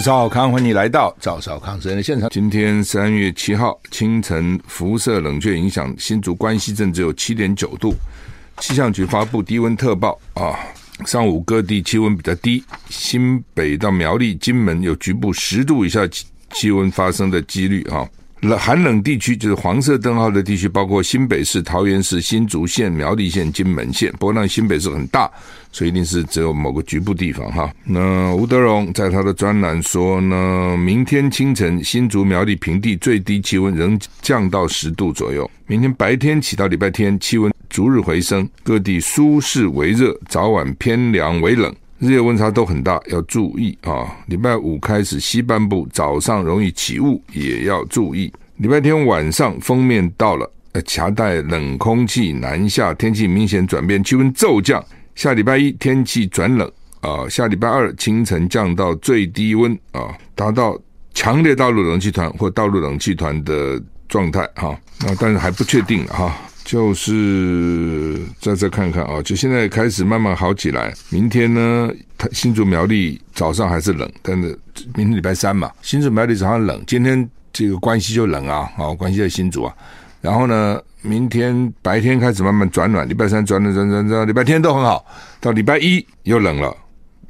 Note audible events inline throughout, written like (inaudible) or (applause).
趙少康歡迎你來到趙少康實驗的現場。今天三月七號清晨輻射冷卻影響，新竹關西鎮只有七點九度，氣象局發布低溫特報啊。上午各地氣溫比較低，新北到苗栗、金門有局部十度以下氣溫發生的幾率啊。寒冷地區就是黃色燈號的地區，包括新北市、桃園市、新竹縣、苗栗縣、金門縣。不過，那新北市很大，所以一定是只有某個局部地方哈。那吳德榮在他的專欄說呢，明天清晨新竹苗栗平地最低氣溫仍降到十度左右。明天白天起到禮拜天，氣溫逐日回升，各地舒適為熱，早晚偏涼為冷。日夜溫差都很大，要注意啊！禮拜五開始西半部早上容易起霧，也要注意。禮拜天晚上鋒面到了，呃，夾帶冷空氣南下，天氣明顯轉變，氣溫驟降。下禮拜一天氣轉冷啊，下禮拜二清晨降到最低溫啊，達到強烈大陸冷氣團或大陸冷氣團的狀態哈、啊，那但是還不確定哈、啊。就是在這看看啊，就現在開始慢慢好起來。明天呢，它新竹苗栗早上還是冷，但是明天禮拜三嘛，新竹苗栗早上冷，今天這個關西就冷啊、哦，好關西在新竹啊。然後呢，明天白天開始慢慢轉暖，禮拜三轉暖轉轉轉，轉，禮拜天都很好。到禮拜一又冷了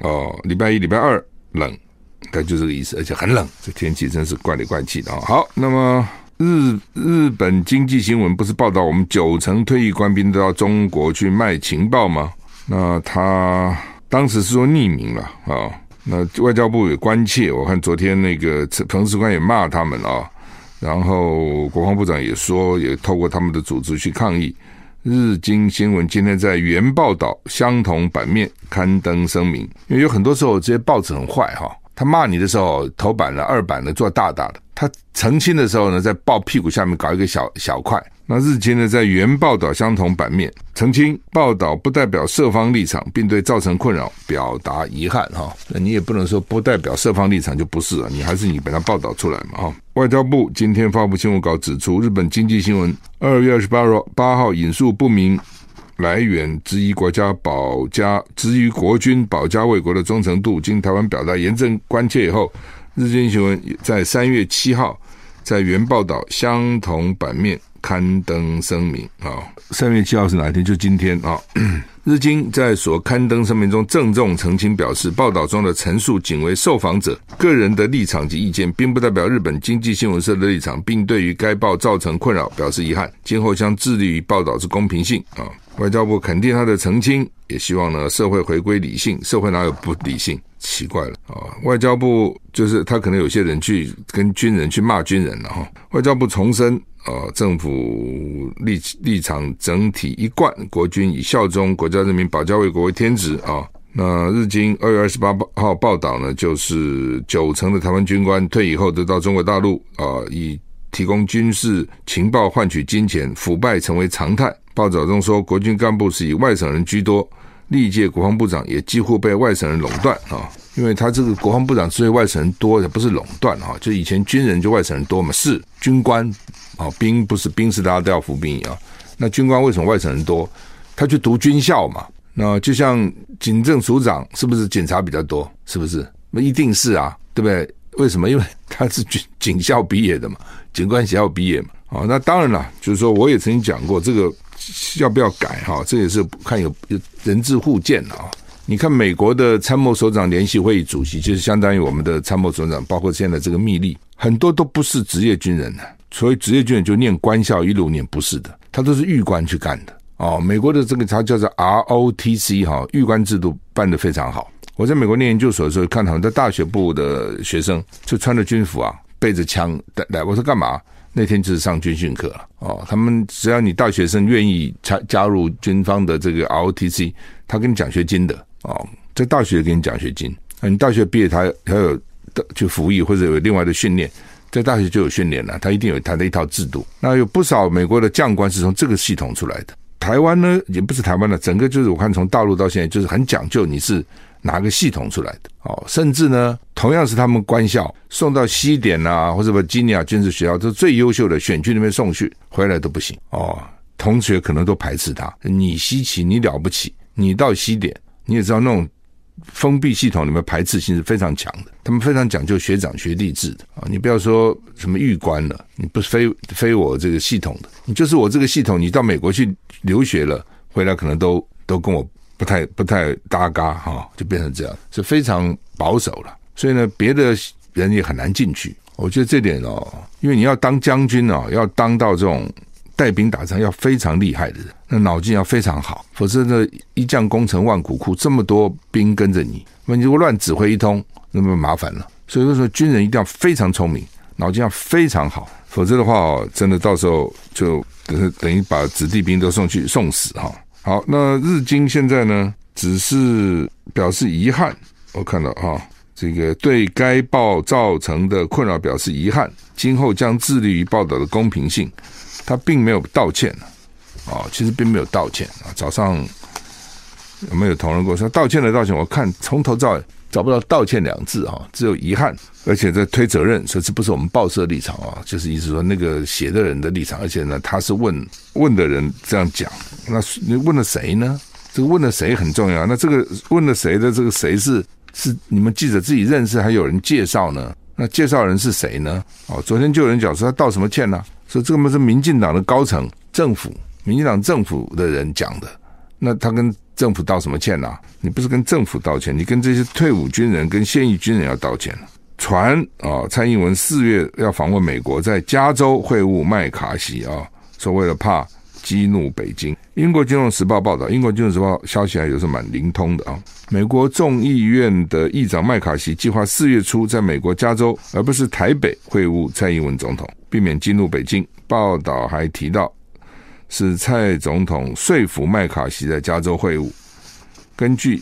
哦，禮拜一禮拜二冷，但就是這個意思，而且很冷。這天氣真是怪裡怪氣的啊。好，那麼。日日本經濟新聞不是報道我們九成退役官兵都到中國去賣情報嗎？那他當時是說匿名了啊、哦。那外交部也關切，我看昨天那個馮世寬也罵他們啊、哦。然後國防部長也說，也透過他們的組織去抗議。日經新聞今天在原報道相同版面刊登聲明，因為有很多時候這些報紙很壞哈、哦。他罵你的時候，頭版的、二版的做大大的；他澄清的時候呢，在報屁股下面搞一個小小塊。那日經呢，在原報道相同版面澄清報道，不代表社方立場，並對造成困擾表達遺憾哈。那、哦、你也不能說不代表社方立場就不是啊，你還是你把它報道出來嘛哈、哦，外交部今天發布新聞稿指出，日本經濟新聞二月二十八日八號引述不明。來源質疑、國家保家、質疑、國軍保家衛國的忠誠度，經台灣表達嚴正關切以後，日經新聞在三月七號在原報道相同版面刊登聲明啊，三月七號是哪一天？就今天啊。 (coughs) 日經在所刊登聲明中鄭重澄清表示，報道中的陳述僅為受訪者個人的立場及意見，並不代表日本經濟新聞社的立場，並對於該報造成困擾表示遺憾，今後將致力於報道之公平性啊。外交部肯定他的澄清，也希望呢社會回歸理性，社會哪有不理性？奇怪了啊！外交部就是他，可能有些人去跟軍人去罵軍人了哈。外交部重申。啊，政府立立場整體一貫，國軍以效忠國家、人民、保家衛國為天職啊。那日經二月二十八號報道呢，就是九成的台灣軍官退役後得到中國大陸啊，以提供軍事情報換取金錢，腐敗成為常態。報道中說，國軍幹部是以外省人居多，歷屆國防部長也幾乎被外省人壟斷啊。因為他這個國防部長之所以外省人多，也不是壟斷、哦、就以前軍人就外省人多嘛，是軍官啊、哦，兵不是兵，是大家都要服兵役啊、哦。那軍官為什麼外省人多？他去讀軍校嘛。那就像警政署長是不是警察比較多？是不是？那一定是啊，對不對？為什麼？因為他是警校畢業的嘛，警官學校畢業嘛。哦，那當然了，就是說我也曾經講過，這個要不要改哈、哦？這也是看有有仁智互見啊。哦你看，美國的參謀首長聯席會議主席，就是相當於我們的參謀總長，包括現在這個密令，很多都不是職業軍人的。所以職業軍人就念官校一六年不是的，他都是預官去幹的。哦，美國的這個他叫做 R O T C 哈、哦，預官制度辦得非常好。我在美國念研究所的時候，看他們在大學部的學生就穿着軍服啊，背着槍來來，我說幹嘛？那天就是上軍訓課了。哦，他們只要你大學生願意加加入軍方的這個 R O T C，他給你獎學金的。哦，在大學給你獎學金，你大學畢業他他有的，去服役或者有另外的訓練，在大學就有訓練了，他一定有他的一套制度。那有不少美國的將官是從這個系統出來的。台灣呢，也不是台灣的，整個就是我看從大陸到現在就是很講究你是哪個系統出來的。哦，甚至呢，同樣是他們官校送到西點啊，或者維吉尼亞軍事學校，這最優秀的選去那邊送去，回來都不行。哦，同學可能都排斥他，你稀奇，你了不起，你到西點。你也知道那種封閉系統裡面排斥性是非常強的，他們非常講究學長學弟制的啊！你不要說什麼預官了，你不是非非我這個系統的，你就是我這個系統，你到美國去留學了，回來可能都都跟我不太不太搭嘎哈，就變成這樣，是非常保守了。所以呢，別的人也很難進去。我覺得這點哦，因為你要當將軍哦，要當到這種。帶兵打仗要非常厲害的人，那腦筋要非常好，否則呢，一將功成萬骨枯，這麼多兵跟着你，那你如果亂指揮一通，那麼麻煩了。所以說，軍人一定要非常聰明，腦筋要非常好，否則的話，真的到時候就等於等於把子弟兵都送去送死哈。好，那日經現在呢，只是表示遺憾，我看到哈，這個對該報造成的困擾表示遺憾，今後將致力於報道的公平性。他並沒有道歉哦，其實並沒有道歉啊。早上有沒有討論過說道歉了道歉？我看從頭到尾找不到道歉兩字啊，只有遺憾，而且在推責任，所以這不是我們報社立場啊，就是意思說那個寫的人的立場，而且呢，他是問問的人這樣講，那你問了誰呢？這個問了誰很重要。那這個問了誰的這個誰是是你們記者自己認識，還有人介紹呢？那介紹人是誰呢？哦，昨天就有人講說他道什麼歉呢、啊？所以這個嘛是民進黨的高層政府，民進黨政府的人講的。那他跟政府道什麼歉吶、啊？你不是跟政府道歉，你跟這些退伍軍人、跟現役軍人要道歉。傳啊、哦，蔡英文四月要訪問美國，在加州會晤麥卡錫啊，說、哦、為了怕。激怒北京。英國金融時報報道，英國金融時報消息還有是蠻靈通的啊。美國眾議院的議長麥卡錫計劃四月初在美國加州，而不是台北會晤蔡英文總統，避免激怒北京。報道還提到，是蔡總統說服麥卡錫在加州會晤。根據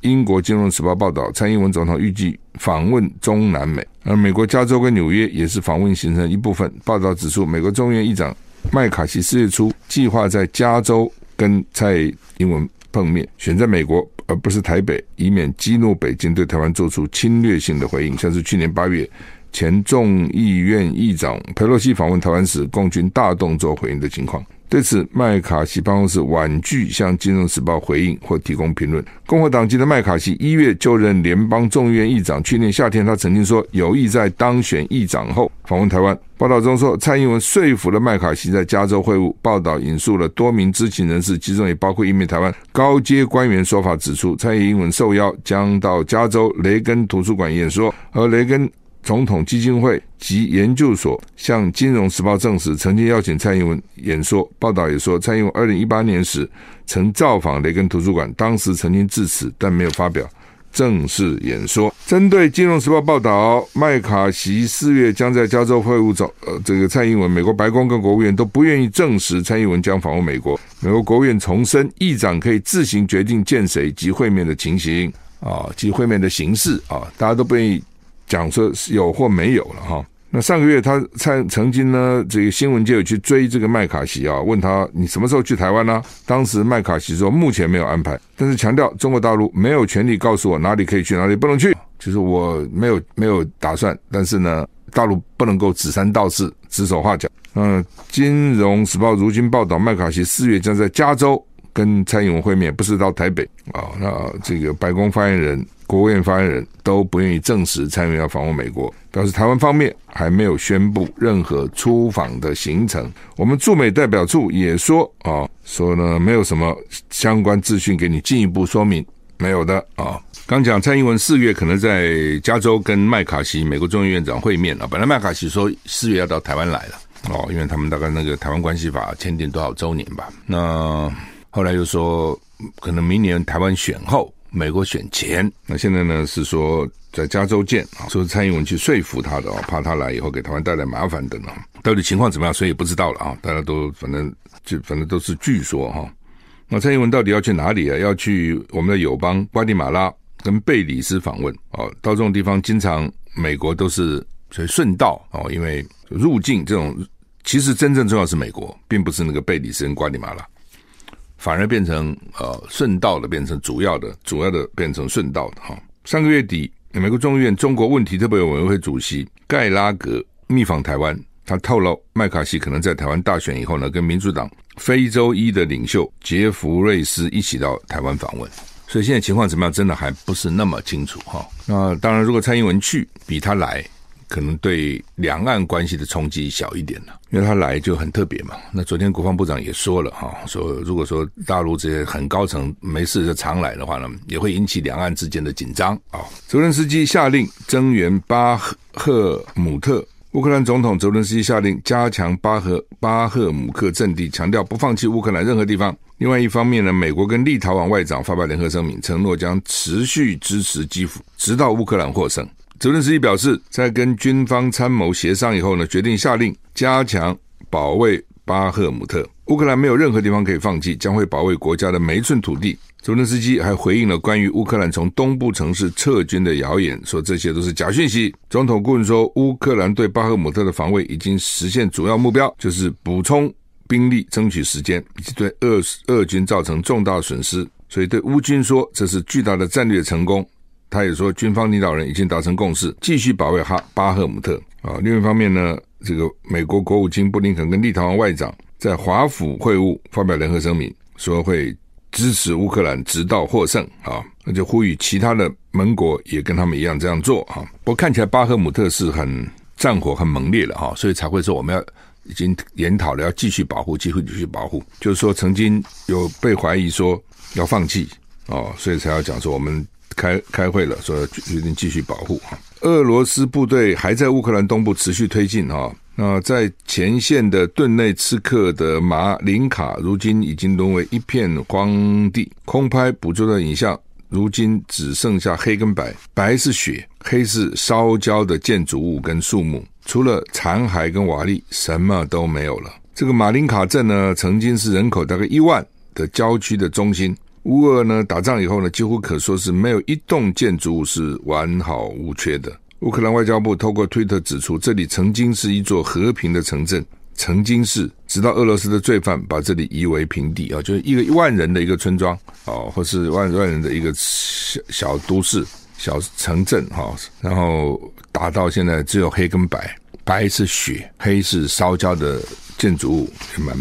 英國金融時報報道，蔡英文總統預計，計訪，訪問中南美，而美國加州跟紐約也是訪問行程一部分。報道指出，美國眾議院議長。麥卡錫四月初計劃在加州跟蔡英文碰面，選在美國而不是台北，以免激怒北京對台灣做出侵略性的回應，像是去年八月前眾議院議長裴洛西訪問台灣時，共軍大動作回應的情況。對此，麥卡錫辦公室婉拒向《金融時報》回應或提供評論。共和黨籍的麥卡錫一月就任聯邦眾議院議長。去年夏天，他曾經說有意在當選議長後訪問台灣。報道中說，蔡英文說服了麥卡錫在加州會晤。報道引述了多名知情人士，其中也包括一名台灣高階官員說法指出，蔡英文受邀將到加州雷根圖書館演說，而雷根總統基金會及研究所向《金融時報》證實，曾經邀請蔡英文演說。報道也說，蔡英文二零一八年時曾造訪雷根圖書館，當時曾經致辭，但沒有發表正式演說。針對《金融時報》報道，麥卡錫四月將在加州會晤早呃，這個蔡英文。美國白宮跟國務院都不願意證實蔡英文將訪問美國。美國國務院重申，議長可以自行決定見誰及會面的情形啊，及會面的形式啊，大家都不願意。講說是有或沒有了哈，那上個月他參曾經呢，這個新聞界有去追這個麥卡錫啊，問他你什麼時候去台灣呢啊？當時麥卡錫說目前沒有安排，但是強調中國大陸沒有權利告訴我哪裡可以去，哪裡不能去。就是我沒有沒有打算，但是呢，大陸不能夠指三道四，指手畫腳。嗯，《金融時報》如今報道，麥卡錫四月將在加州跟蔡英文會面，不是到台北啊。那這個白宮發言人。國務院發言人都不願意證實蔡英文要訪問美國，但是台灣方面還沒有宣布任何出訪的行程。我們駐美代表處也說啊、哦，說呢沒有什麼相關資訊給你進一步說明，沒有的啊、哦。剛講蔡英文四月可能在加州跟麥卡錫美國眾議院長會面啊，本來麥卡錫說四月要到台灣來了哦，因為他們大概那個台灣關係法簽訂多少周年吧。那後來又說可能明年台灣選後。美國選前，那現在呢是說在加州見啊，說是蔡英文去說服他的哦，怕他來以後給台灣帶來麻煩等等，到底情況怎麼樣，誰也不知道了啊！大家都反正就反正都是據說哈。那蔡英文到底要去哪裡啊？要去我們的友邦瓜地馬拉跟貝里斯訪問哦，到這種地方，經常美國都是所以順道哦，因為入境這種其實真正重要是美國，並不是那個貝里斯跟瓜地馬拉。反而變成呃順道的，變成主要的，主要的變成順道的哈。上個月底，美國眾議院中國問題特別委員會主席蓋拉格密訪台灣，他透露麥卡錫可能在台灣大選以後呢，跟民主黨非洲裔的領袖傑弗瑞斯一起到台灣訪問。所以現在情況怎麼樣，真的還不是那麼清楚哈。那當然，如果蔡英文去，比他來。可能對兩岸關係的衝擊小一點了，因為他來就很特別嘛。那昨天國防部長也說了哈、啊，說如果說大陸這些很高層沒事就常來的話呢，也會引起兩岸之間的緊張啊。澤倫斯基下令增援巴赫姆特，烏克蘭總統澤倫斯基下令加強巴赫巴赫姆克陣地，強調不放棄烏克蘭任何地方。另外一方面呢，美國跟立陶宛外長發表聯合聲明，承諾將持續支持基輔，直到烏克蘭獲勝。澤倫斯基表示，在跟軍方參謀協商以後呢，決定下令加強保衛巴赫姆特。烏克蘭沒有任何地方可以放棄，將會保衛國家的每一寸土地。澤倫斯基還回應了關於烏克蘭從東部城市撤軍的謠言，說這些都是假訊息。總統顧問說，烏克蘭對巴赫姆特的防衛已經實現主要目標，就是補充兵力、爭取時間以及對俄俄軍造成重大損失。所以對烏軍說，這是巨大的戰略成功。他也說，軍方領導人已經達成共識，繼續保衛哈巴赫姆特啊、哦。另一方面呢，這個美國國務卿布林肯跟立陶宛外長在華府會晤，發表聯合聲明，說會支持烏克蘭直到獲勝啊、哦。那就呼籲其他的盟國也跟他們一樣這樣做啊、哦。不過看起來巴赫姆特是很戰火很猛烈的哈、哦，所以才會說我們要已經研討了，要繼續保護，繼續繼續保護。就是說曾經有被懷疑說要放棄啊、哦，所以才要講說我們。開開會了，所以決定繼續保護。俄羅斯部隊還在烏克蘭東部持續推進哈。那在前線的頓內茨克的馬林卡，如今已經淪為一片荒地。空拍捕捉的影像，如今只剩下黑跟白，白是雪，黑是燒焦的建築物跟樹木，除了殘骸跟瓦礫，什麼都沒有了。這個馬林卡鎮呢，曾經是人口大概一萬的郊區的中心。烏俄呢打仗以後呢，幾乎可說是沒有一棟建築物是完好無缺的。烏克蘭外交部透過推特指出，這裡曾經是一座和平的城鎮，曾經是，直到俄羅斯的罪犯把這裡夷為平地啊、哦，就是一個一萬人的一個村莊啊、哦，或是萬萬人的一個小小都市、小城鎮哈、哦，然後打到現在只有黑跟白，白是雪，黑是燒焦的建築物，是蠻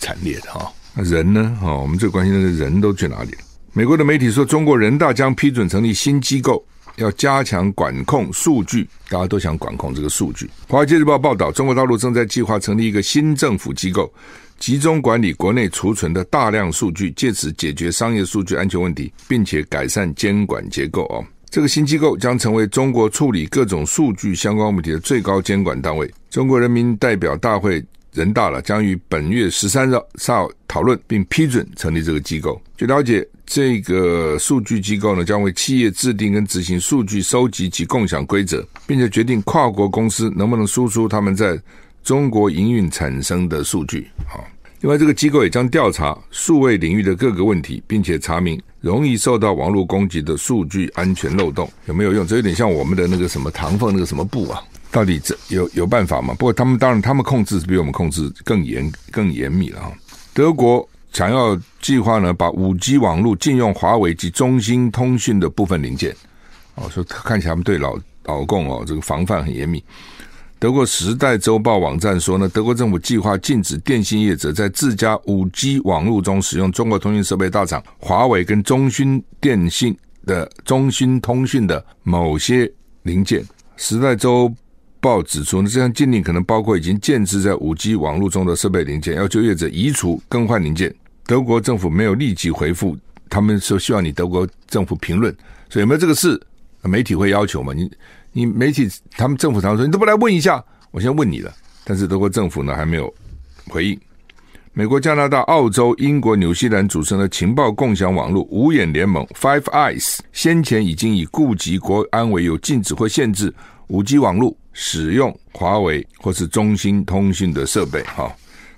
慘烈的哈。哦人呢？哦，我們最關心的是人都去哪裡了。美國的媒體說，中國人大將批准成立新機構，要加強管控數據。大家都想管控這個數據。華爾街日報報道，中國大陸正在計劃成立一個新政府機構，集中管理國內儲存的大量數據，借此解決商業數據安全問題，並且改善監管結構。哦，這個新機構將成為中國處理各種數據相關問題的最高監管單位。中國人民代表大會。人大了，將於本月十三日上討論並批准成立這個機構。據了解，這個數據機構呢，將為企業制定跟執行數據收集及共享規則，並且決定跨國公司能不能輸出他們在中國營運產生的數據。好，另外這個機構也將調查數位領域的各個問題，並且查明容易受到網絡攻擊的數據安全漏洞有沒有用。這有點像我們的那個什麼唐鳳那個什麼部啊。到底這有有辦法嗎？不過他們當然，他們控制是比我們控制更嚴、更嚴密了啊。德國想要計劃呢，把五 G 網絡禁用華為及中興通訊的部分零件。哦，說看起來他們對老老共哦這個防範很嚴密。德國《時代周報》網站說呢，德國政府計劃禁止電信業者在自家五 G 網絡中使用中國通訊設備大廠華為跟中興電信的中興通訊的某些零件。《時代周》報指出，呢這項禁令可能包括已經建置在五 G 網絡中的設備零件，要求業者移除更換零件。德國政府沒有立即回復，他們說希望你德國政府評論，所以有沒有這個事？媒體會要求嘛？你你媒體他們政府常常說你都不來問一下，我先問你了。但是德國政府呢還沒有回應。美國、加拿大、澳洲、英國、紐西蘭組成的情報共享網絡五眼聯盟 （Five Eyes） 先前已經以顧及國安為由禁止或限制。5G 網絡使用華為或是中興通訊的設備，哈。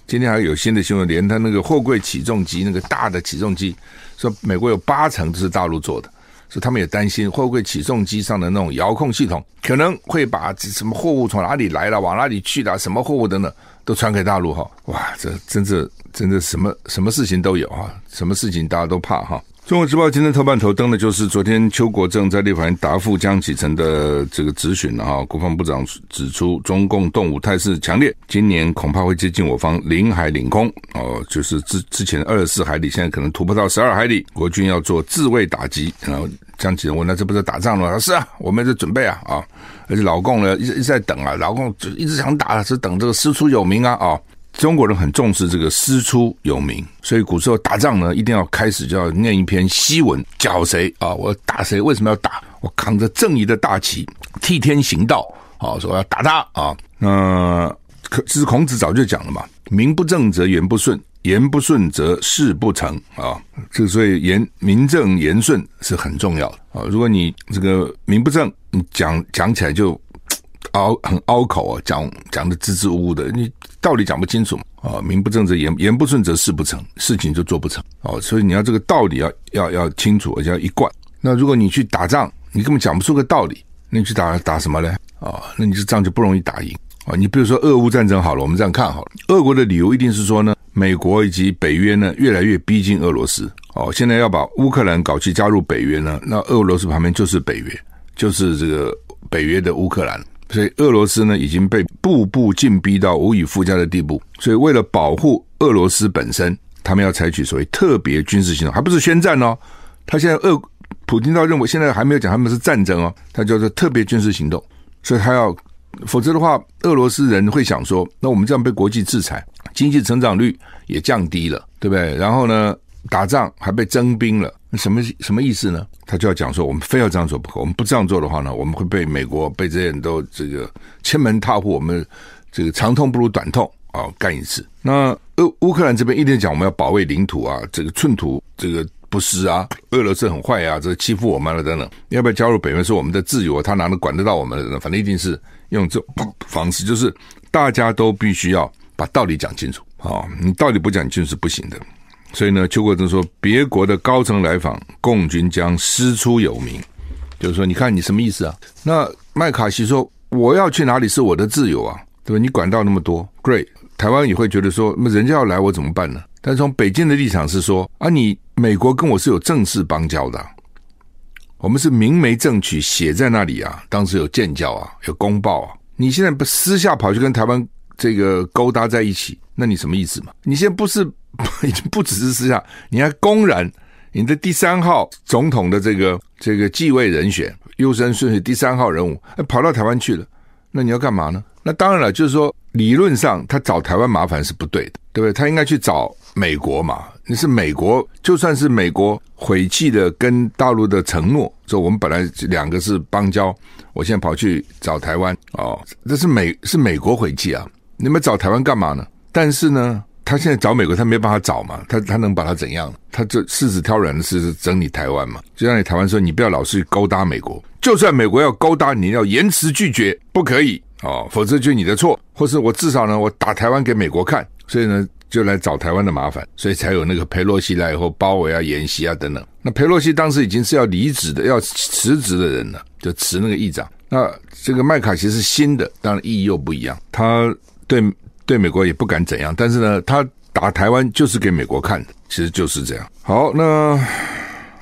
今天還有新的新聞，連他那個貨櫃起重機那個大的起重機，說美國有八成都是大陸做的，所以他們也擔心，貨櫃起重機上的那種遙控系統，可能會把什麼貨物從哪裡來了，啊，往哪裡去的，啊，什麼貨物等等，都傳給大陸哈、啊。哇，這真的真的什麼什麼事情都有啊，什麼事情大家都怕哈、啊。中國時報今天特辦頭版頭燈的就是昨天邱國正在立法院答覆江啟臣的這個質詢了、啊、國防部長指出，中共動武態勢強烈，今年恐怕會接近我方領海領空哦，就是之之前二十四海里，現在可能突破到十二海里，國軍要做自衛打擊然後江啟臣問那這不是打仗了嗎？是啊，我們在準備啊啊，而且老共呢一直一直在等啊，老共就一直想打，是等這個師出有名啊。啊中國人很重視這個“師出有名”，所以古時候打仗呢，一定要開始就要念一篇檄文，叫誰啊？我打誰？為什麼要打？我扛着正義的大旗，替天行道啊！說我要打他啊！那可是孔子早就講了嘛，“名不正則言不順，言不順則事不成啊。”所以言名正言順是很重要的啊！如果你這個名不正，你講講起來就。拗很拗口啊，口哦、講講得支支吾吾的，你道理講不清楚啊、哦，名不正則言言不順則事不成，事情就做不成哦。所以你要這個道理要要要清楚，而且要一貫。那如果你去打仗，你根本講不出個道理，那你去打打什麼呢？啊、哦，那你這仗就不容易打贏啊、哦。你比如說俄烏戰爭好了，我們這樣看好了，俄國的理由一定是說呢，美國以及北約呢越來越逼近俄羅斯哦，現在要把烏克蘭搞去加入北約呢，那俄羅斯旁邊就是北約，就是這個北約的烏克蘭。所以俄羅斯呢已經被步步進逼到無以復加的地步，所以為了保護俄羅斯本身，他們要採取所謂特別軍事行動，還不是宣戰哦。他現在俄普丁倒認為現在還沒有講他們是戰爭哦，他叫做特別軍事行動。所以他要，否則的話，俄羅斯人會想說，那我們這樣被國際制裁，經濟成長率也降低了，對不對？然後呢，打仗還被徵兵了。什麼什麼意思呢？他就要講說，我們非要這樣做不可。我們不這樣做的話呢，我們會被美國被這些人都這個千門踏戶。我們這個長痛不如短痛啊、哦，幹一次。那俄烏，烏克蘭這邊一定講，我們要保衛領土啊，這個寸土這個不失啊。俄羅斯很壞啊，這欺負我們了、啊、等等。要不要加入北約是我們的自由，他哪能管得到我們呢？反正一定是用這種方式，就是大家都必須要把道理講清楚啊、哦。你道理不講清楚是不行的。所以呢，邱國正說，別國的高層來訪，共軍將師出有名，就是說，你看你什麼意思啊？那麥卡錫說，我要去哪裡是我的自由啊，對吧？你管到那麼多？Great，台灣也會覺得說，那人家要來我怎麼辦呢？但從北京的立場是說，啊，你美國跟我是有正式邦交的，我們是明媒正娶寫在那裡啊，當時有建交啊，有公報啊，你現在不私下跑去跟台灣這個勾搭在一起，那你什麼意思嘛？你現在不是？已 (laughs) 經不只是私下，你還公然你的第三號總統的這個這個繼位人選，優先順序第三號人物跑到台灣去了，那你要幹嘛呢？那當然了，就是說理論上他找台灣麻煩是不對的，對不對？他應該去找美國嘛。你是美國，就算是美國毀棄的跟大陸的承諾，說我們本來兩個是邦交，我現在跑去找台灣哦，這是美是美國毀棄啊？你們找台灣幹嘛呢？但是呢，他現在找美國，他沒辦法找嘛，他他能把他怎樣？他就柿子挑軟的事是整理台灣嘛？就讓你台灣說，你不要老是勾搭美國，就算美國要勾搭你，要嚴詞拒絕不可以哦。否則就你的錯。或是我至少呢，我打台灣給美國看，所以呢就來找台灣的麻煩，所以才有那個裴洛西來以後包圍啊、演習啊等等。那裴洛西當時已經是要離職的、要辭職的人了，就辭那個議長。那這個麥卡錫是新的，當然意義又不一樣，他對。對美國也不敢怎樣，但是呢，他打台灣就是給美國看的，其實就是這樣。好，那《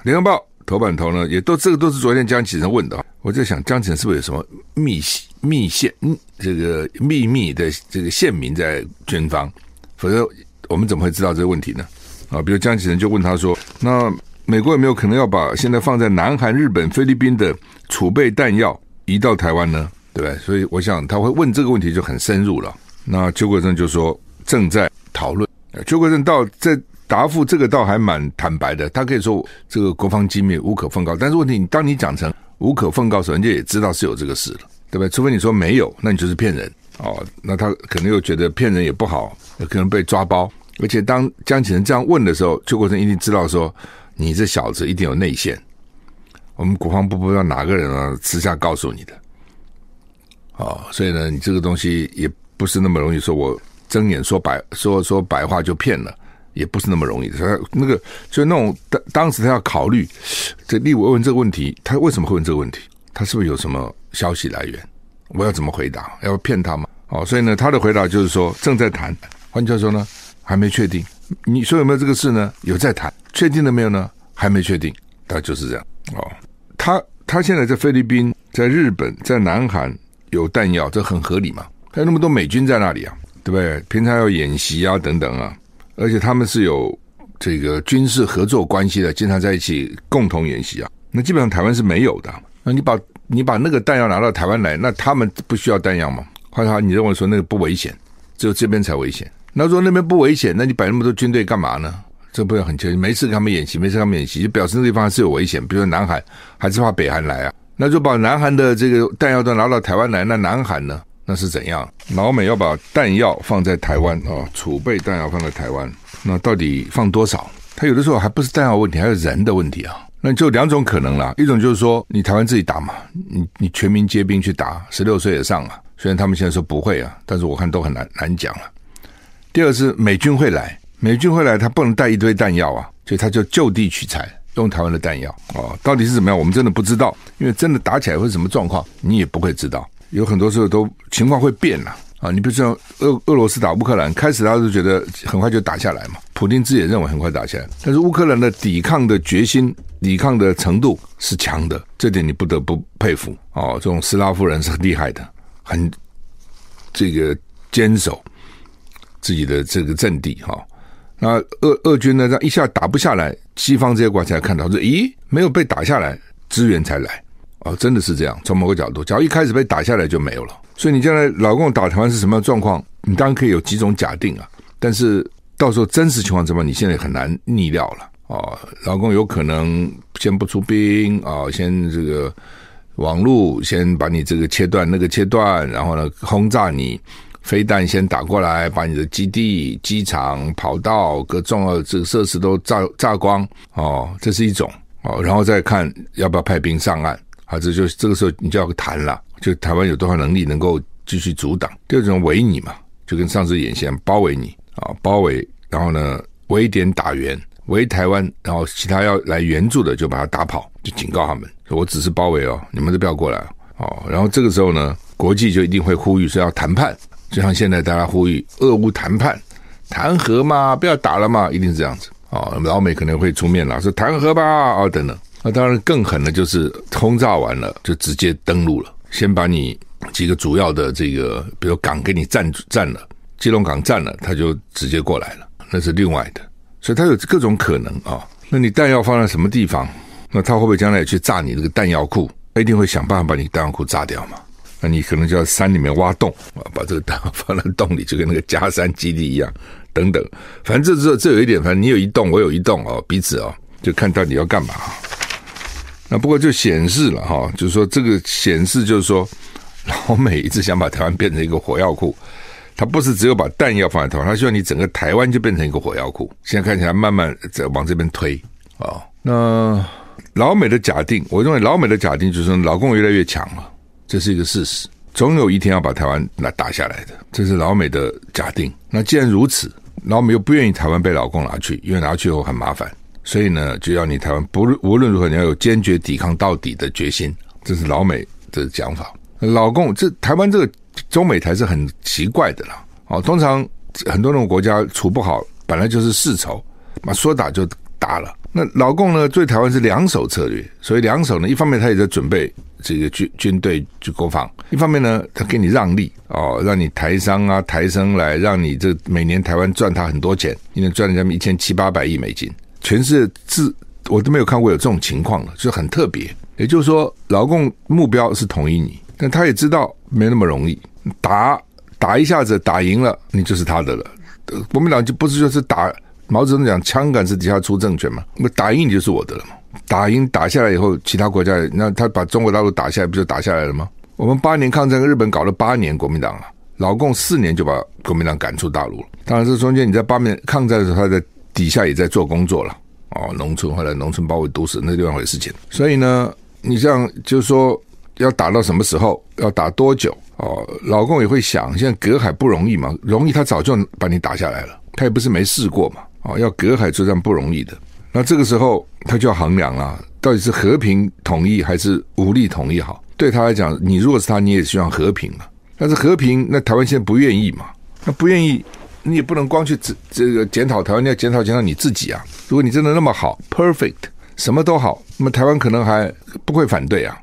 聯合報》頭版頭呢，也都這個都是昨天江啟臣問的，我在想江啟臣是不是有什麼密密線，嗯，這個秘密的這個線民在軍方，否則我們怎麼會知道這個問題呢？啊，比如江啟臣就問他說：“那美國有沒有可能要把現在放在南韓、日本、菲律賓的儲備彈藥移到台灣呢？對不對？”所以我想他會問這個問題就很深入了。那邱國正就說正在討論。邱國正倒這答覆這個倒還蠻坦白的，他可以說這個國防機密無可奉告。但是問題，你當你講成無可奉告的時候，人家也知道是有這個事了，對不對？除非你說沒有，那你就是騙人哦。那他可能又覺得騙人也不好，可能被抓包。而且當江啟臣這樣問的時候，邱國正一定知道說你這小子一定有內線。我們國防部不知道哪個人啊私下告訴你的，哦，所以呢，你這個東西也。不是那麼容易說，我睜眼說白說說白話就騙了,也不是那麼容易，他那個所以那種當當時他要考慮，這立委問這個問題，他為什麼會問這個問題？他是不是有什麼消息來源？我要怎麼回答？要騙他嗎？哦，所以呢，他的回答就是說正在談。換句話說呢，還沒確定。你說有沒有這個事呢？有在談，確定了沒有呢？還沒確定。他就是這樣。哦，他他現在在菲律賓、在日本、在南韓有彈藥，這很合理嗎？有那麼多美軍在那裡啊，對不對？平常要演習啊，等等啊，而且他們是有這個軍事合作關係的，經常在一起共同演習啊。那基本上台灣是沒有的。那你把你把那個彈藥拿到台灣來，那他們不需要彈藥嗎？換句話說，你認為說那個不危險，只有這邊才危險？那如果那邊不危險，那你擺那麼多軍隊幹嘛呢？這不要很清楚？沒事跟他們演習，沒事跟他們演習，就表示那地方是有危險。比如說南韓還是怕北韓來啊？那就把南韓的這個彈藥都拿到台灣來，那南韓呢？那是怎樣？老美要把彈藥放在台灣啊，哦，儲備彈藥放在台灣。那到底放多少？他有的時候還不是彈藥問題，還有人的問題啊。那就兩種可能啦、啊，一種就是說你台灣自己打嘛，你你全民皆兵去打，十六歲以上啊。雖然他們現在說不會啊，但是我看都很難難講了、啊。第二是美軍會來，美軍會來，他不能帶一堆彈藥啊，所以他就就地取材，用台灣的彈藥哦。到底是怎麼樣，我們真的不知道，因為真的打起來會是什麼狀況，你也不會知道。有很多時候都情況會變了啊，啊！你比如像俄俄羅斯打烏克蘭，開始大家都覺得很快就打下來嘛，普丁自己也認為很快打下來。但是烏克蘭的抵抗的決心、抵抗的程度是強的，這點你不得不佩服哦、啊。這種斯拉夫人是很厲害的，很這個堅守自己的這個陣地哈、啊。那俄俄軍呢，讓一下打不下來，西方這些國家才看到說，咦，沒有被打下來，支援才來。哦、oh,，真的是這樣。從某個角度，只要一開始被打下來就沒有了。所以你將來老共打台灣是什麼樣狀況，你當然可以有幾種假定啊。但是到時候真實情況怎麼，你現在很難逆料了。哦、oh,，老共有可能先不出兵啊，oh, 先這個網路先把你這個切斷，那個切斷，然後呢，轟炸你，飛彈先打過來，把你的基地、機場、跑道各重要的這個設施都炸炸光哦，oh, 這是一種哦。Oh, 然後再看要不要派兵上岸。啊，這就這個時候，你就要談了。就台灣有多少能力能夠繼續阻擋？第二種圍你嘛，就跟上次演習包圍你啊，包圍。然後呢，圍點打援，圍台灣，然後其他要來援助的就把他打跑，就警告他們，說我只是包圍哦，你們都不要過來哦。然後這個時候呢，國際就一定會呼籲說要談判，就像現在大家呼籲俄烏談判談和嘛，不要打了嘛，一定是這樣子啊、哦。老美可能會出面了，說談和吧啊、哦，等等。那當然，更狠的就是轟炸完了就直接登陸了，先把你幾個主要的這個，比如港給你佔佔了，基隆港佔了，他就直接過來了，那是另外的。所以他有各種可能啊、哦。那你彈藥放在什麼地方？那他會不會將來也去炸你這個彈藥庫？他一定會想辦法把你彈藥庫炸掉嘛。那你可能就在山裡面挖洞啊，把這個彈藥放在洞裡，就跟那個佳山基地一樣，等等。反正這這這有一點，反正你有一洞，我有一洞哦，彼此哦，就看到底要幹嘛。那不過就顯示了哈、哦，就是說這個顯示就是說，老美一直想把台灣變成一個火藥庫，他不是只有把彈藥放在台灣，他希望你整個台灣就變成一個火藥庫。現在看起來慢慢在往這邊推啊、哦。那老美的假定，我認為老美的假定就是說，老共越來越強了，這是一個事實，總有一天要把台灣那打下來的，這是老美的假定。那既然如此，老美又不願意台灣被老共拿去，因為拿去以後很麻煩。所以呢，就要你台灣不論無論如何，你要有堅決抵抗到底的決心。這是老美的講法。老共這台灣這個中美台是很奇怪的了。哦，通常很多那種國家處不好，本來就是世仇，那說打就打了。那老共呢，對台灣是兩手策略，所以兩手呢，一方面他也在準備這個軍軍隊去攻防，一方面呢，他給你讓利哦，讓你台商啊、台生來，讓你這每年台灣賺他很多錢，一年賺了將近一千七八百億美金。全世界，自我都沒有看過有這種情況的，就很特別。也就是說，老共目標是統一你，但他也知道沒那麼容易。打打一下子打贏了，你就是他的了。國民黨就不是就是打毛澤東講“槍桿子底下出政權”嘛？那打贏你就是我的了嘛？打贏打下來以後，其他國家那他把中國大陸打下來，不就打下來了嗎？我們八年抗戰跟日本搞了八年，國民黨了，老共四年就把國民黨趕出大陸了。當然，這中間你在八面抗戰的時候，他在。底下也在做工作了，哦，農村後來農村包圍都市那另外一回事情。所以呢，你這樣就是說要打到什麼時候，要打多久？哦，老公也會想，現在隔海不容易嘛，容易他早就把你打下來了，他也不是沒試過嘛，哦，要隔海作戰不容易的。那這個時候他就要衡量了，啊，到底是和平統一還是武力統一好？對他來講，你如果是他，你也希望和平嘛，啊，但是和平那台灣現在不願意嘛，他不願意。你也不能光去這這個檢討台灣，你要檢討檢討你自己啊！如果你真的那麼好，perfect，什麼都好，那麼台灣可能還不會反對啊。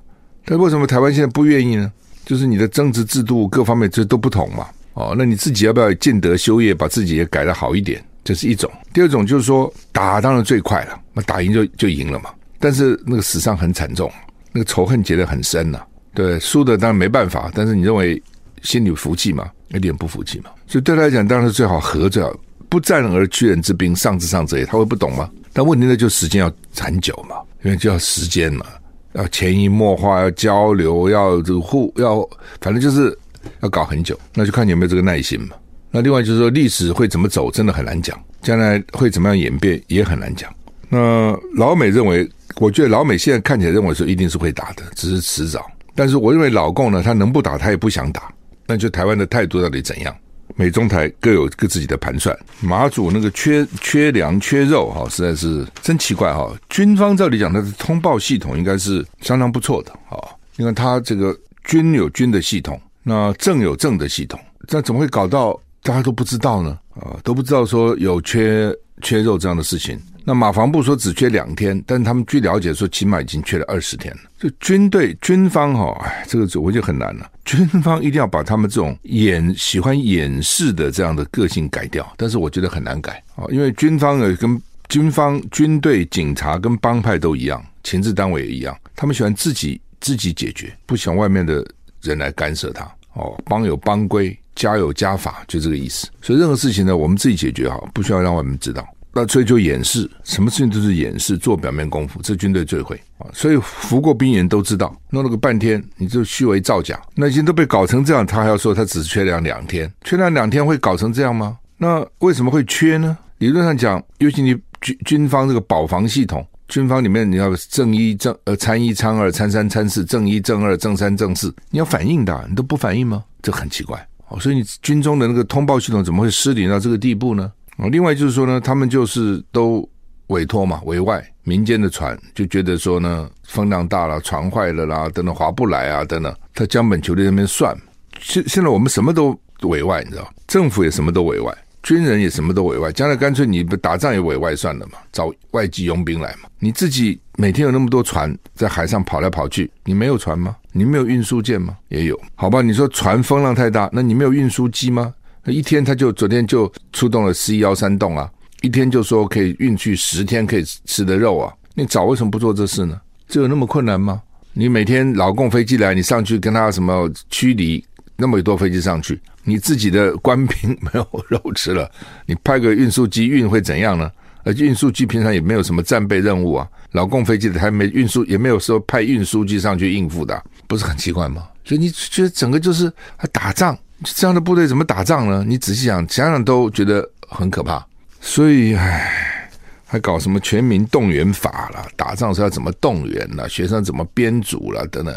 但為什麼台灣現在不願意呢？就是你的政治制度各方面這都不同嘛。哦，那你自己要不要進德修業，把自己也改得好一點？這，就是一種。第二種就是說打，當然最快了，那打贏就就贏了嘛。但是那個死傷很慘重，那個仇恨結得很深吶、啊。對，輸的當然沒辦法，但是你認為心裡有服氣嗎？有點不服氣嘛，所以對他來講，當然是最好和着，不戰而屈人之兵，上之上者也。他會不懂嗎？但問題呢，就時間要長久嘛，因為就要時間嘛，要潛移默化，要交流，要這個互，要反正就是要搞很久。那就看你有沒有這個耐心嘛。那另外就是說，歷史會怎麼走，真的很難講，將來會怎麼樣演變也很難講。那老美認為，我覺得老美現在看起來認為說，一定是會打的，只是遲早。但是我認為老共呢，他能不打，他也不想打。那就台灣的態度到底怎樣？美中台各有各自己的盤算。馬祖那個缺缺糧缺肉哈、哦，實在是真奇怪哈、哦。軍方照理講的是通報系統，應該是相當不錯的哈。你、哦、看他這個軍有軍的系統，那政有政的系統，這怎麼會搞到大家都不知道呢？啊、哦，都不知道說有缺缺肉這樣的事情。那馬防部說只缺兩天，但他們據了解說起碼已經缺了二十天了。就軍隊軍方哈、哦，哎，這個指揮就很難了、啊。軍方一定要把他們這種演，喜歡掩飾的這樣的個性改掉，但是我覺得很難改啊、哦，因為軍方呃跟軍方軍隊警察跟幫派都一樣，情治單位也一樣，他們喜歡自己自己解決，不喜歡外面的人來干涉他。哦，幫有幫規，家有家法，就這個意思。所以任何事情呢，我們自己解決哈，不需要讓外面知道。那這就掩飾，什麼事情都是掩飾，做表面功夫，這軍隊最會啊！所以服過兵役的人都知道，弄了個半天，你就虛偽造假。那已經都被搞成這樣，他還要說他只是缺糧兩天，缺糧兩天會搞成這樣嗎？那為什麼會缺呢？理論上講，尤其你軍軍方這個保防系統，軍方裡面你要正一正呃參一參二參三參四正一正二正三正四，你要反應的啊，你都不反應嗎？這很奇怪。所以你軍中的那個通報系統怎麼會失靈到這個地步呢？啊，另外就是說呢，他們就是都委托嘛，委外民間的船，就覺得說呢，風浪大了，船壞了啦，等等划不來啊，等等。他江本球隊那邊算，現現在我們什麼都委外，你知道，政府也什麼都委外，軍人也什麼都委外，將來乾脆你不打仗也委外算了嘛，找外籍傭兵來嘛。你自己每天有那麼多船在海上跑來跑去，你沒有船嗎？你沒有運輸艦嗎？也有，好吧？你說船風浪太大，那你沒有運輸機嗎？一天他就昨天就出動了 C 幺三洞啊，一天就說可以運去十天可以吃的肉啊。你早為什麼不做這事呢？這有那麼困難嗎？你每天老共飛機來，你上去跟他什麼驅離那麼多飛機上去，你自己的官兵沒有肉吃了，你派個運輸機運會怎樣呢？而運輸機平常也沒有什麼戰備任務啊，老共飛機的還沒運輸，也沒有說派運輸機上去應付的，不是很奇怪嗎？所以你覺得整個就是打仗。這樣的部隊怎麼打仗呢？你仔細想，想想都覺得很可怕。所以，唉，還搞什麼全民動員法了？打仗是要怎麼動員呢？學生怎麼編組了？等等，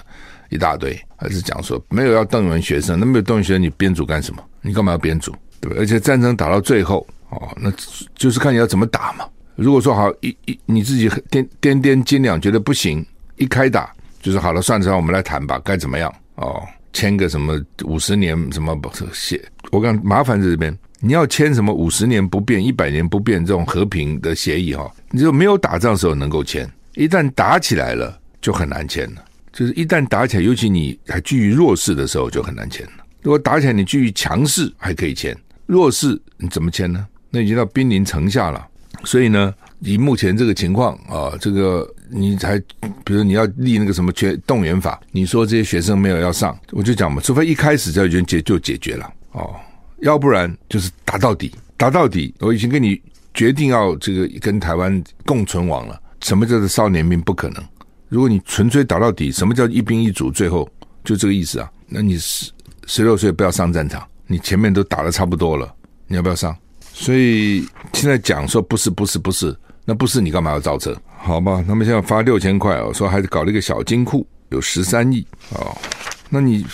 一大堆。還是講說沒有要動員學生，那沒有動員學生，你編組幹什麼？你幹嘛要編組？對不對？而且戰爭打到最後，哦，那就是看你要怎麼打嘛。如果說好一一你自己掂掂掂斤兩，覺得不行，一開打就是好了，算起來我們來談吧，該怎麼樣？哦。簽個什麼五十年什麼不協？我講麻煩在這邊，你要簽什麼五十年不變、一百年不變這種和平的協議哈、哦？你就沒有打仗的時候能夠簽，一旦打起來了就很難簽了。就是一旦打起來，尤其你還居於弱勢的時候就很難簽了。如果打起來你居於強勢還可以簽，弱勢你怎麼簽呢？那已經到兵臨城下了，所以呢，以目前這個情況啊，這個。你才，比如你要立那個什麼缺動員法，你說這些學生沒有要上，我就講嘛，除非一開始就已經解就解決了哦，要不然就是打到底，打到底，我已經跟你決定要這個跟台灣共存亡了。什麼叫做少年兵不可能？如果你純粹打到底，什麼叫一兵一卒？最後就這個意思啊。那你十十六歲不要上戰場，你前面都打得差不多了，你要不要上？所以現在講說不是不是不是，那不是你幹嘛要造車？好吧，他們現在發六千塊哦，說還是搞了一個小金庫，有十三億哦，那你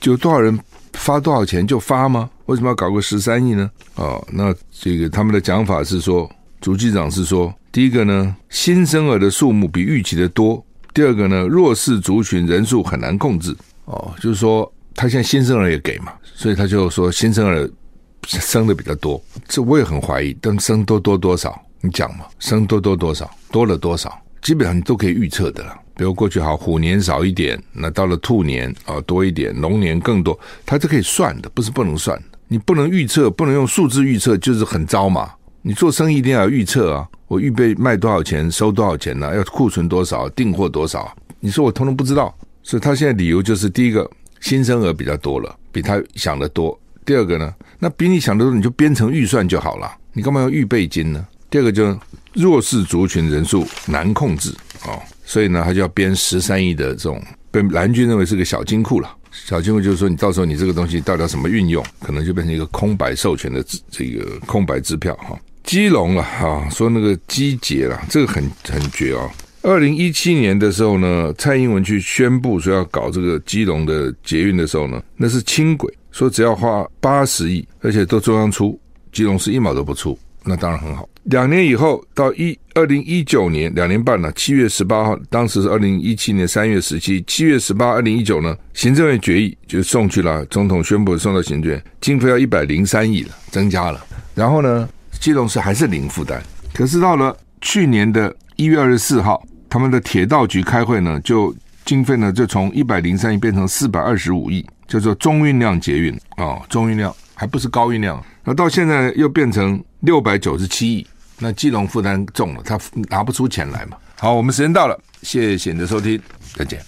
就多少人發多少錢就發嗎？為什麼要搞個十三億呢？哦，那這個他們的講法是說，主計長是說，第一個呢，新生兒的數目比預期的多；第二個呢，弱勢族群人數很難控制。哦，就是說他現在新生兒也給嘛，所以他就說新生兒生的比較多。這我也很懷疑，但生多多多少？你講嘛，生多多多少，多了多少，基本上你都可以預測的了。比如過去好虎年少一點，那到了兔年啊、呃、多一點，龍年更多，它是可以算的，不是不能算。你不能預測，不能用數字預測，就是很糟嘛。你做生意一定要有預測啊，我預備賣多少錢，收多少錢呢、啊？要庫存多少，訂貨多少、啊？你說我通通不知道，所以他現在理由就是：第一個，新生兒比較多了，比他想的多；第二個呢，那比你想的多，你就編成預算就好了，你幹嘛要預備金呢？第二個就弱勢族群人數難控制啊、哦，所以呢，他就要編十三億的這種被藍軍認為是個小金庫了。小金庫就是說，你到時候你這個東西到底要怎麼運用，可能就變成一個空白授權的這個空白支票哈、哦。基隆了哈，說那個基捷啦，這個很很絕啊。二零一七年的時候呢，蔡英文去宣布說要搞這個基隆的捷運的時候呢，那是輕軌，說只要花八十億，而且都中央出，基隆是一毛都不出，那當然很好。兩年以後，到一二零一九年兩年半了、啊、七月十八號，當時是二零一七年三月十七，七月十八，二零一九呢，行政院決議就送去了，總統宣布送到行政院，經費要一百零三億了，增加了。然後呢，基隆市還是零負擔。可是到了去年的一月二十四號，他們的鐵道局開會呢，就經費呢就從一百零三億變成四百二十五億，叫做中運量捷運啊、哦，中運量還不是高運量。那到現在又變成六百九十七億。那基隆負擔重了，他拿不出錢來嘛。好，我們時間到了，謝謝你的收聽，再見。